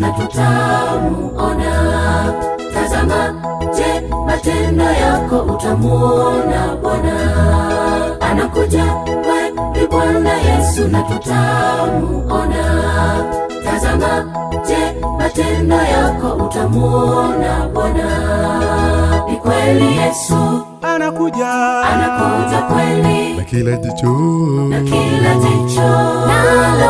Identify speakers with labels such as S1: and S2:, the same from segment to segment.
S1: na tutamuona. Tazama, je, matendo yako utamuona Bwana. Anakuja wewe Bwana Yesu na tutamuona. Tazama, je, matendo yako utamuona Bwana. Ni kweli Yesu
S2: anakuja,
S1: anakuja
S2: kweli, na kila jicho,
S1: na kila
S2: jicho nalo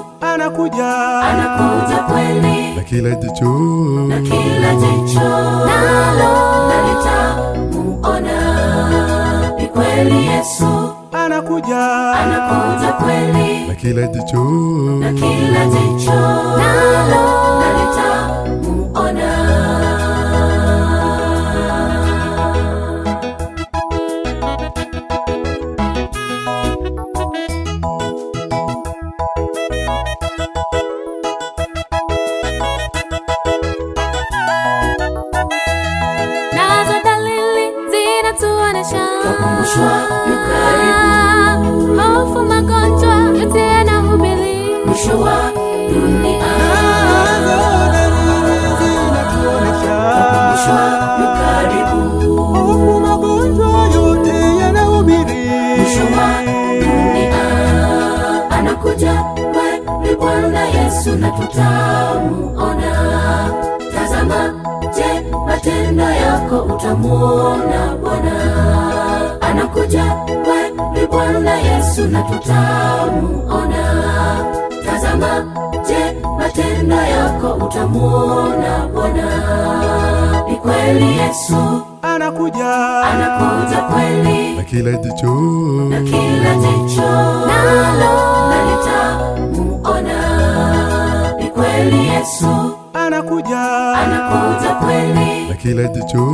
S2: anakuja,
S1: anakuja
S2: kweli, na kila jicho,
S1: na kila jicho nalo na litamuona ni kweli Yesu
S2: anakuja,
S1: anakuja
S2: kweli, na kila jicho,
S1: na kila jicho nalo Twakumbushwa ukaribu,
S2: ah, hofu, magonjwa yote yanahubiri
S1: mwisho wa dunia. Yesu na tutamuona. Tazama, je, matendo yako utamuona Bwana anakuja wewe Bwana Yesu na tutamuona. Tazama, je, matendo yako utamuona Bwana. Ni kweli Yesu
S2: anakuja,
S1: anakuja
S2: kweli, na kila jicho,
S1: na kila
S2: jicho nalo
S1: nalita kweli Yesu
S2: anakuja,
S1: anakuja
S2: kweli, na kila jicho,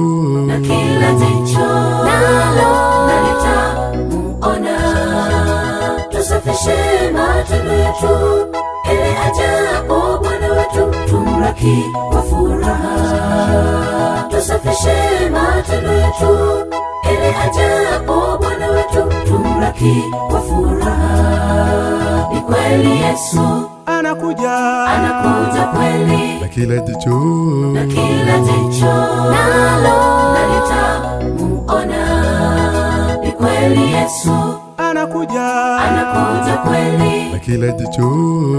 S1: na kila jicho nalo nalitamuona. Tusafishe matendo yetu, ili ajapo Bwana wetu tumlaki kwa furaha. Tusafishe matendo yetu, ili ajapo Bwana wetu tumlaki kwa furaha. Ni kweli Yesu anakuja, anakuja
S2: kweli, na kila jicho,
S1: na kila jicho nalo na litamuona ni kweli Yesu
S2: anakuja,
S1: anakuja
S2: kweli, na kila jicho,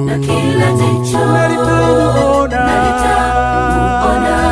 S1: na kila jicho nalitamuona, na litamuona